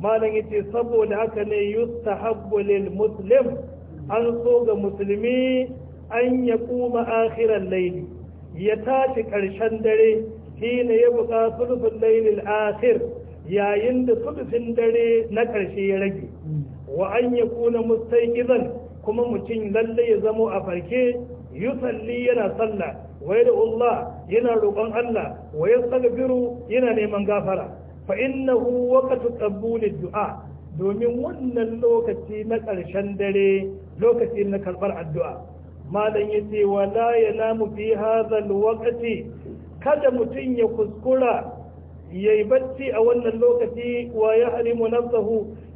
malam yace saboda haka ne yustahabbu lil muslim an so ga musulmi an ya kuma akhiran laili ya tashi karshen dare shine ya buka sulfin lailil akhir yayin da sulfin dare na karshe ya rage wa an ya kuna mustaqidan kuma mutum lalle ya zamo a farke yusalli yana sallah wa da Allah yana roƙon Allah wa yastaghfiru yana neman gafara fa innahu waqtu qabulid du'a domin wannan lokaci na ƙarshen dare lokaci na karɓar addu'a malam yace wala yanamu fi hadha alwaqti kada mutum ya kuskura yayi bacci a wannan lokaci wa ya halimu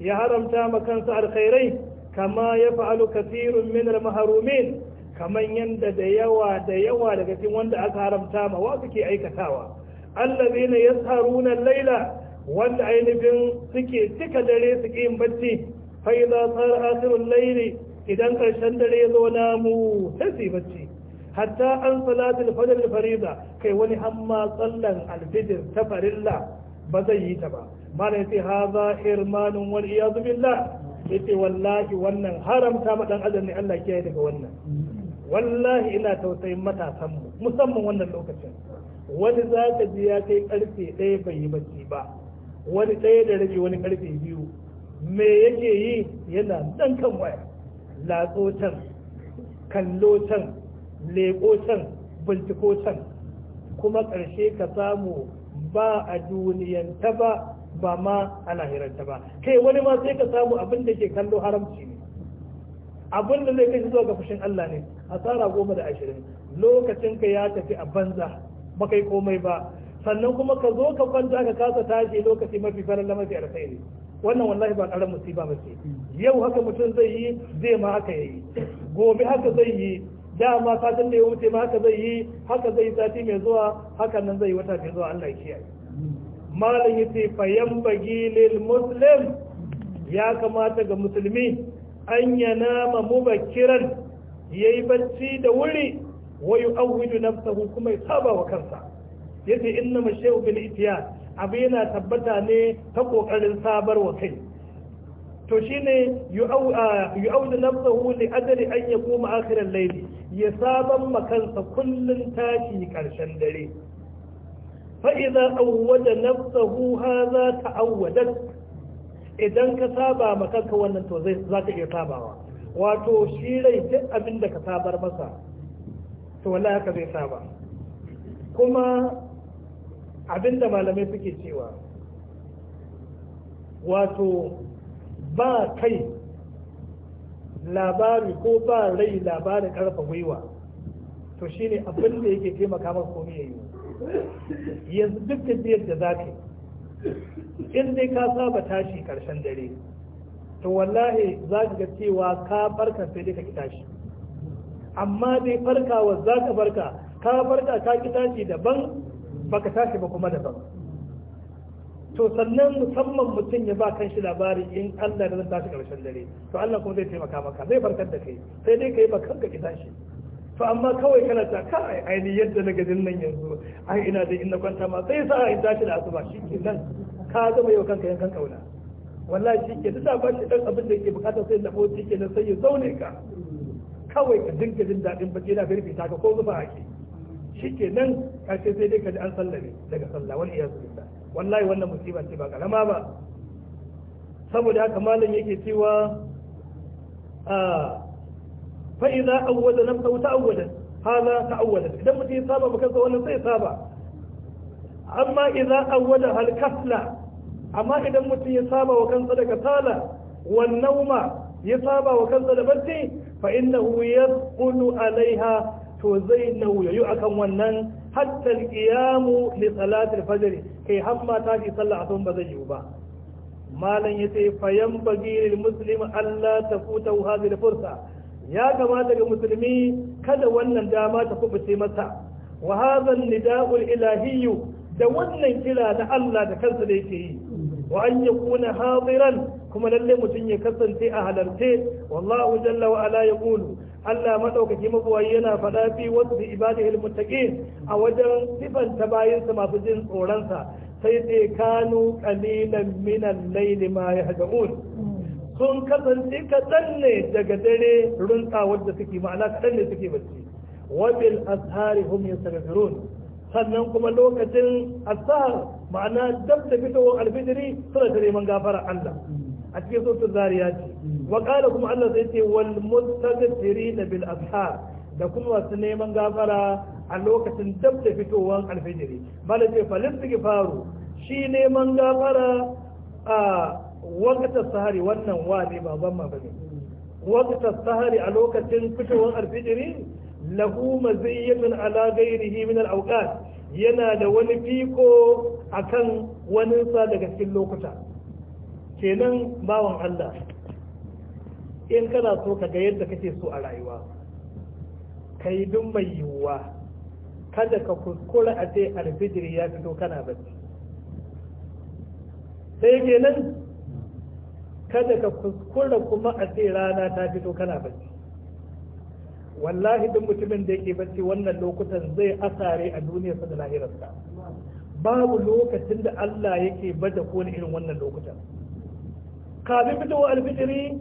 ya haramta ma kansa alkhairai kama ya fa'alu kafirun min maharumin Kaman yadda da yawa da yawa daga cikin wanda aka haramta ma wa suke aikatawa allazina yasharuna laila wanda ainihin suke cika dare su yin bacci fai za tsara asirin laili idan ƙarshen dare zo namu sai su yi bacci hatta an salatul fajr fariza kai wani hamma tsallan alfijir ta farilla ba zai yi ta ba mana yace haza irmanun wal iyad billah yace wallahi wannan haramta ma dan adam ne Allah kiyaye daga wannan wallahi ina tausayin matasan mu musamman wannan lokacin wani za ka ji ya kai karfe ɗaya bai yi bacci ba wani ɗaya da rage wani ƙarfe biyu me yake yi yana ɗan kan waya latso can kallo can leƙo can can kuma ƙarshe ka samu ba a ta ba ba ma a ta ba kai wani ma sai ka samu abin da ke kallo haramci ne abin da zai kai zuwa ga fushin Allah ne tsara goma da ashirin lokacin ka ya tafi a banza ba kai komai ba sannan kuma ka zo ka kwanta ka kasa tashi lokaci mafi farin da mafi ne. wannan wallahi ba karan musiba ba ce yau haka mutum zai yi zai ma haka yayi gobe haka zai yi dama satin da ya wuce ma haka zai yi haka zai yi sati mai zuwa haka nan zai yi wata mai zuwa Allah ya kiyaye malam yace fa yambagi lil muslim ya kamata ga musulmi an yanama mubakkiran yayi bacci da wuri wa awwidu nafsahu kuma ya saba wa kansa yace inna mashayu bil itiya abu yana tabbata ne ta kokarin sabarwa kai to shine yu'awdu nafsahu ne ajli an yakuma akhiral laifi ya saban makansa kullun tashi karshen dare fa idza awwada nafsahu hadha ta'awwadat idan ka saba makanka wannan to zai iya sabawa wato shi rai duk abin da ka sabar masa to wallahi haka zai saba kuma abinda malamai suke cewa wato ba kai labari ko ba rai labarin karfa gwiwa to shine abin da yake taimaka maka komai yayi yanzu duk da za ka in dai ka saba tashi karshen dare to wallahi za ka ga cewa ka farka sai dai ka ki tashi amma dai farkawa za ka farka ka farka ka ki tashi daban baka tashi ba kuma daban to sannan musamman mutum ya ba kan shi labari in Allah da zan tashi karshen dare to Allah kuma zai taimaka maka zai farkar da kai sai dai kai ba kanka ki tashi to amma kawai kana ta kai ai yadda na gajin nan yanzu ai ina da inna kwanta ma sai sa in tashi da asuba nan ka zama yau kanka yankan kauna wallahi shike duk da bashi dan abin da yake bukata sai lafo ke nan sai ya zaune ka kawai ka dinga jin dadin baki na firfita ka ko zuba ake shikenan ka ce sai dai ka ji an sallame daga sallah iya iyazu billah wallahi wannan musiba ce ba karama ba saboda haka malam yake cewa a ah, fa idza awwada hala ta hada ta'awwada idan mutum ya saba maka wannan sai saba amma idan awwada hal kasla amma idan mutum ya saba wa kansa daga kasala wan nauma ya saba wa kansa da barci fa innahu yaqulu alaiha to zai nauyayu akan wannan hatta alqiyamu li salati alfajr kai hamma ta ji sallah asan ba zai yiwu ba malan ce, fayan bagi Allah muslim alla tafuta da Fursa, ya kamata ga musulmi kada wannan dama ta kubuce masa wa hadha nida'u ilahiyyu da wannan kira na Allah da kansa da yake yi wa an kuna hadiran kuma lalle mutum ya kasance a halarce wallahu jalla wa ala ya kulu Allah madaukaki mabuwayi yana faɗa fi wasu ibada ibadihi almuttaqin a wajen sifanta bayansa masu jin tsoronsa sai sai kanu qalilan min al-layli ma yahdaun sun kasance kaɗan ne daga dare runta wanda suke ma'ana kaɗan ne suke bacci wabil ashari hum yastaghfirun sannan kuma lokacin asahar ma'ana dab da fitowar alfijiri suna ta neman gafara Allah a cikin Zariya ce, wa da kuma Allah sai ce wal mustaghfirin bil ashar da kuma masu neman gafara a lokacin dab da fitowar alfijiri bala ce falin faru shi neman gafara a wakatar sahari wannan wa ne ma bane wakatar sahari a lokacin fitowar alfijiri lahu mazayyatun ala ghairihi min al yana da wani fiko akan wani sa daga cikin lokuta kenan bawan Allah in kana so ka ga yadda kake so a rayuwa kai duk mai yiwuwa kada ka kuskura a ce alfijiri ya fito kana bacci sai kenan kada ka kuskura kuma a ce rana ta fito kana bacci wallahi duk mutumin da yake bacci wannan lokutan zai asare a duniyarsa da lahirarsa babu lokacin da Allah yake bada kowane irin wannan lokutan kafin fitowar alfitiri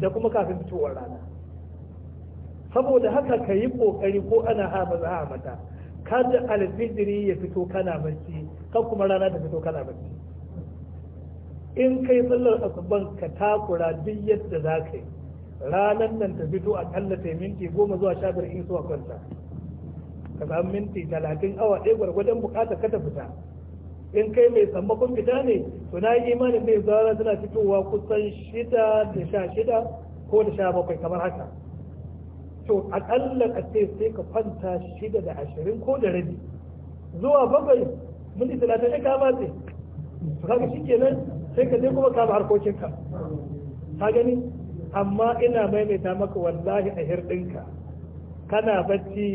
da kuma kafin fitowar rana saboda haka ka yi kokari ko ana haɓa za a mata kada alfitiri ya fito kana barci kan kuma rana ta fito kana barci in kai tsallar asuban ka takura duk yadda za ka yi ranar nan ta fito a kalla ta minti goma zuwa sha biyar in suwa kwanta ka samu minti talatin awa ɗaya gwargwadon bukatar ka ta fita in kai mai sammakon fita ne to na yi imanin mai zara tana fitowa kusan shida da sha shida ko da sha bakwai kamar haka to aƙalla ka ce sai ka kwanta shida da ashirin ko da rabi zuwa bakwai minti talatin ai ka matse to kaga shi kenan sai ka je kuma ka harkokinka ka gani amma ina maimaita maka wallahi a hirɗinka kana bacci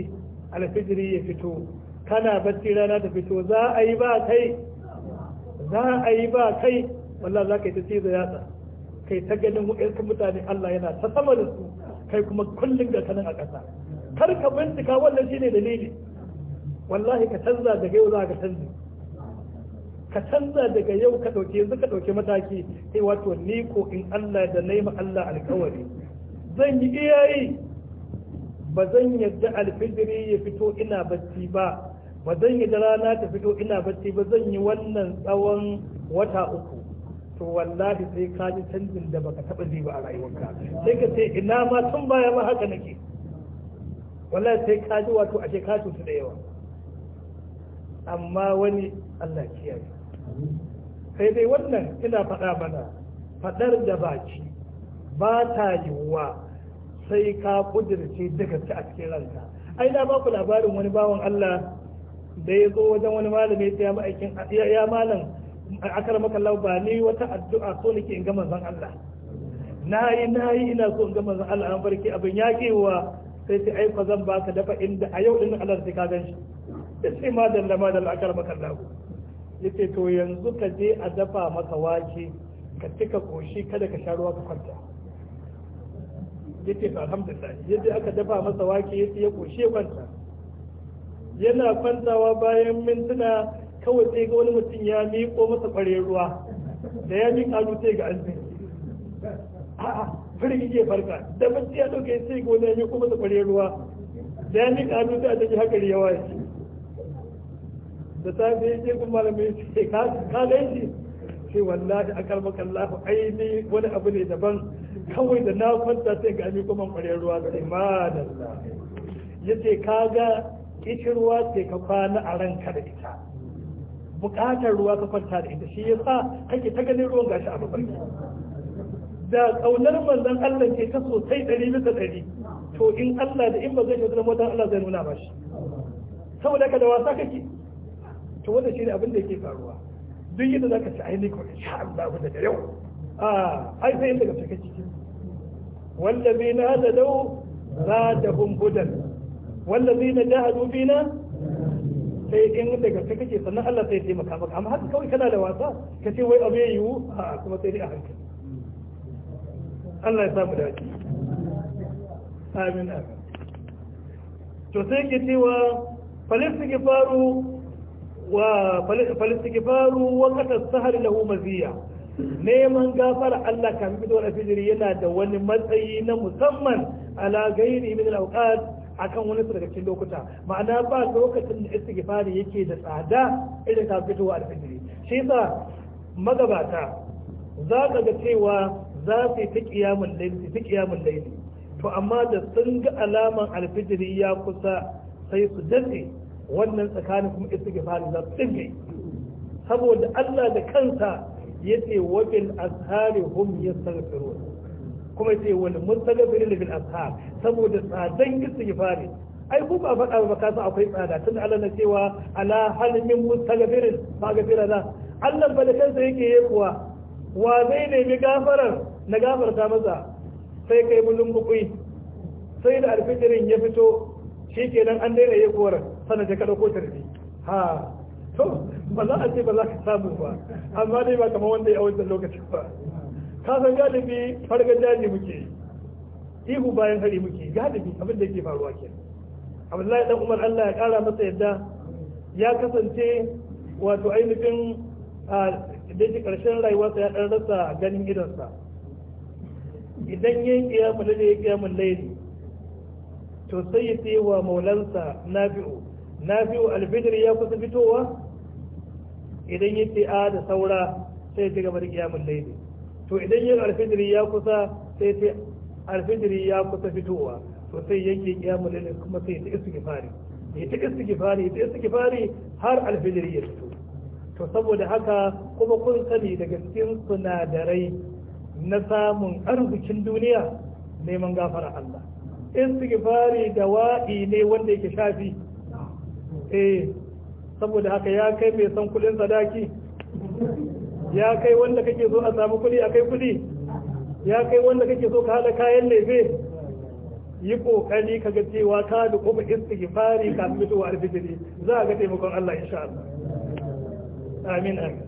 alfijiri ya fito kana bacci rana ta fito za a yi ba kai za a yi ba kai wallah za ka yi ta cizo yatsa kai ta ganin wa'yansu mutane Allah yana ta sama da su kai kuma kullum da kanan a ƙasa kar ka bincika wannan shine dalili wallahi ka canza daga yau za ka canza ka canza daga yau ka ɗauke yanzu ka ɗauke mataki kai wato ni ko in Allah da ma Allah alkawari zan yi iyayi ba zan yadda alfijiri ya fito ina bacci ba ba zan yi da rana ta fito ina bacci ba zan yi wannan tsawon wata uku to wallahi sai ka ji canjin da baka taba ji ba a rayuwarka sai ka ce ina ma tun baya ma haka nake wallahi sai ka ji wato a ka cutu da yawa amma wani Allah kiyaye sai dai wannan ina faɗa mana faɗar da baki ba ta yiwuwa sai ka kudirce daga ci a cikin ranka ai na ba ku labarin wani bawan Allah da ya zo wajen wani malami ya ma'aikin ya malam akar maka ba ni wata addu'a so nake in ga manzon Allah na yi na yi ina so in ga manzon Allah an barki abin ya kewa sai sai ai fa zan baka dafa inda a yau din Allah sai ka gan shi sai ma da lama da akar lauba yace to yanzu ka je a dafa maka wake ka cika koshi kada ka sha ruwa ka kwanta yace to alhamdulillah yace aka dafa masa wake yace ya koshi kwanta yana fantawa bayan mintuna kawai sai ga wani mutum ya miƙo masa ƙwarin ruwa da ya miƙa su sai ga an a'a firgi ke farka da mutum ya ɗauke sai ga wani ya miƙo masa ƙwarin ruwa da ya miƙa su sai a tafi hakari yawa shi da safe ya ce kuma malamin shi ka gaishe ce wallahi a kalmaka Allah aini wani abu ne daban kawai da na kwanta sai ga ami kuma kwarin ruwa da imanin ya ce kaga kishirwa ce ka kwana a ranka da ita bukatar ruwa ka kwanta da ita shi ya sa kake ta ganin ruwan gashi a babban da tsaunar manzan Allah ke ta sosai ɗari bisa ɗari to in Allah da in ba zai shaidu wata Allah zai nuna mashi saboda ka da wasa kake to wanda shi ne abin da yake faruwa duk yadda za ka ci ainihin kawai insha Allah da yau a ai sai daga cikin cikin bai na da dau za da hun zai wallazina jahadu dubina? sai in daga ka kake sannan Allah sai ya taimaka maka amma haka kawai kana da wasa ka ce wai abu ya yiwu a kuma sai dai a hankali Allah ya samu dace amin amin to sai ke cewa falistigifaru wa falistigifaru waqata sahar lahu maziya neman gafara Allah kan kafin fitowar fijiri yana da wani matsayi na musamman ala gairi min al-awqat akan wani su daga cikin lokuta ma'ana ba lokacin da istighfari yake da tsada irin ka a alfajiri shi yasa magabata za ka ga cewa za su yi ta laili ta laili to amma da sun ga alaman alfijiri ya kusa sai su dace wannan tsakanin kuma istighfari za su dinga saboda Allah da kansa yace wabil ashari hum yastaghfirun kuma yace wal da bil ashab saboda tsadan istighfari ai ku ba faɗa ba kasan akwai tsada tun Allah na cewa ala halmin mustaghfirin ba gafira la Allah ba da kansa yake yi kuwa wa zai nemi gafarar na gafarta masa sai kai bulun bukui sai da alfitirin ya fito shi kenan an daina yi kuwar sana ta kada ko tarbi ha to ba za a ce ba za ka samu ba amma dai ba kamar wanda ya a wancan lokacin ba ka san galibi fargan daji muke ihu bayan hari muke galibi abin da ke faruwa ke abdullahi dan umar Allah ya kara masa yadda ya kasance wato ainihin da shi karshen rayuwarsa ya dan rasa ganin idonsa idan yayi kiyamu da ya kiyamu laili to sai ya wa maulansa nafi'u nafi'u alfijir ya kusa fitowa idan ya ce a da saura sai ya ci gaba da kiyamun laili to idan yin alfijiri ya kusa sai sai alfijiri ya kusa fitowa to sai yake kiyamu lalle kuma sai ta gifari ya ta ta gifari har alfijiri ya fito to saboda haka kuma kun sani daga cikin sunadarai na samun arzikin duniya neman gafara Allah gifari da wa'i ne wanda yake shafi eh saboda haka ya kai mai son kudin sadaki ya kai wanda kake so a samu kudi a kai kudi ya kai wanda kake so ka haɗa kayan lefe yi kokari ka ga cewa ka da kuma istighfari fito a alfijiri za a ga taimakon Allah insha Allah amin amin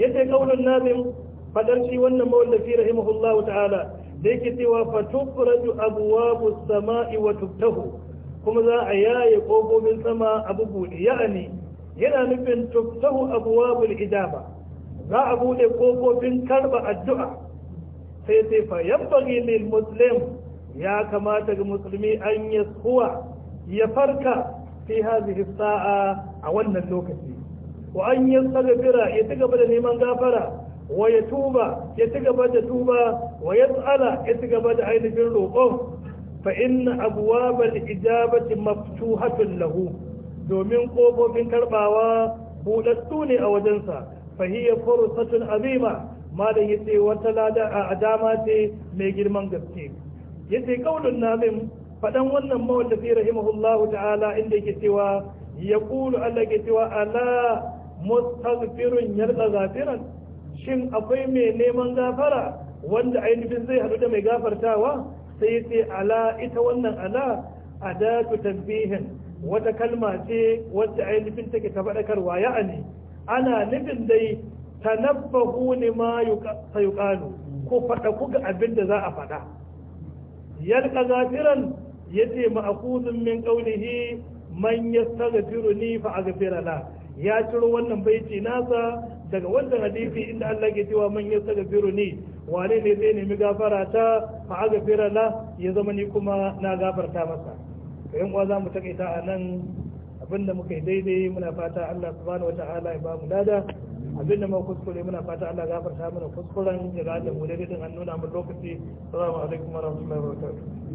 ya kaulun nazim fadar shi wannan mawallafi Allah ta'ala da yake cewa fatufraju abwabu samai wa tuftahu kuma za a yaye kogomin sama abu ya'ani yana nufin tuftahu abwabul ijaba za a bude kofofin karba addu'a sai sai fa yabbagi lil muslim ya kamata ga musulmi an yashuwa ya farka fi hadhihi sa'a a wannan lokaci wa an yastaghfira ya ci da neman gafara wa ya tuba ya ci da tuba wa tsara ya ci da ainihin roƙo fa inna abwabal ijabati maftuhatun lahu domin kofofin karbawa buɗattu ne a wajensa fahiyar fursatun azima malam yace wata lada a dama ce mai girman gaske yace kaulun nazim fadan wannan mawallafi rahimahullahu ta'ala inda yake cewa kulu Allah yake cewa ala mustaghfirun yarda zafiran shin akwai mai neman gafara wanda ainihin zai haɗu da mai gafartawa sai sai ala ita wannan ala adatu tanbihin wata kalma ce wacce ainihin take ta faɗakarwa ya'ani ana nufin dai tanabbahu lima sayuqalu ko fada ku ga abin da za a fada yalqa zafiran yace ma'khudun min qawlihi man yastaghfiruni fa aghfir la ya ciro wannan baiti nasa daga wannan hadisi inda Allah ke cewa man yastaghfiruni wane ne zai nemi gafara ta fa aghfir la ya zama ni kuma na gafarta masa yan uwa za mu takaita a nan abinda muka yi daidai muna fata Allah subhanahu wata'ala ya bamu mu abin abinda muka kuskure muna fata Allah gafarta mana kuskuren ya ga da mu daidai din an nuna mu lokaci assalamu alaikum warahmatullahi wabarakatuh